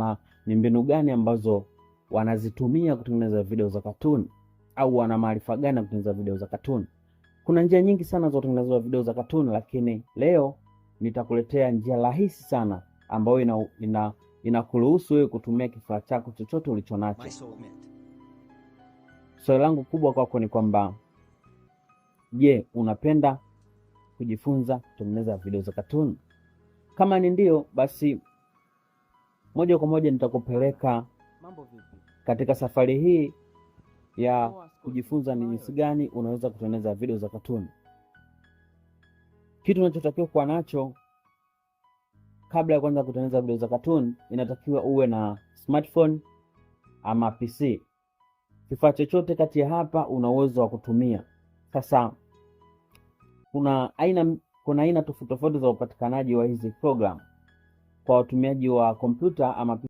kama ni mbinu gani ambazo wanazitumia kutengeneza video za katuni au wana maarifa gani ya kutengeneza video za katuni. Kuna njia nyingi sana za kutengeneza video za katuni, lakini leo nitakuletea njia rahisi sana ambayo ina, ina, inakuruhusu wewe kutumia kifaa chako chochote ulicho nacho. Swali langu kubwa kwako ni kwamba je, unapenda kujifunza kutengeneza video za katuni? Kama ni ndio, basi moja kwa moja nitakupeleka katika safari hii ya oh, kujifunza ni jinsi gani unaweza kutengeneza video za katuni. Kitu unachotakiwa kuwa nacho kabla ya kuanza kutengeneza video za katuni, inatakiwa uwe na smartphone ama PC. Kifaa chochote kati ya hapa una uwezo wa kutumia. Sasa kuna aina kuna aina tofauti tofauti za upatikanaji wa hizi programu kwa watumiaji wa kompyuta ama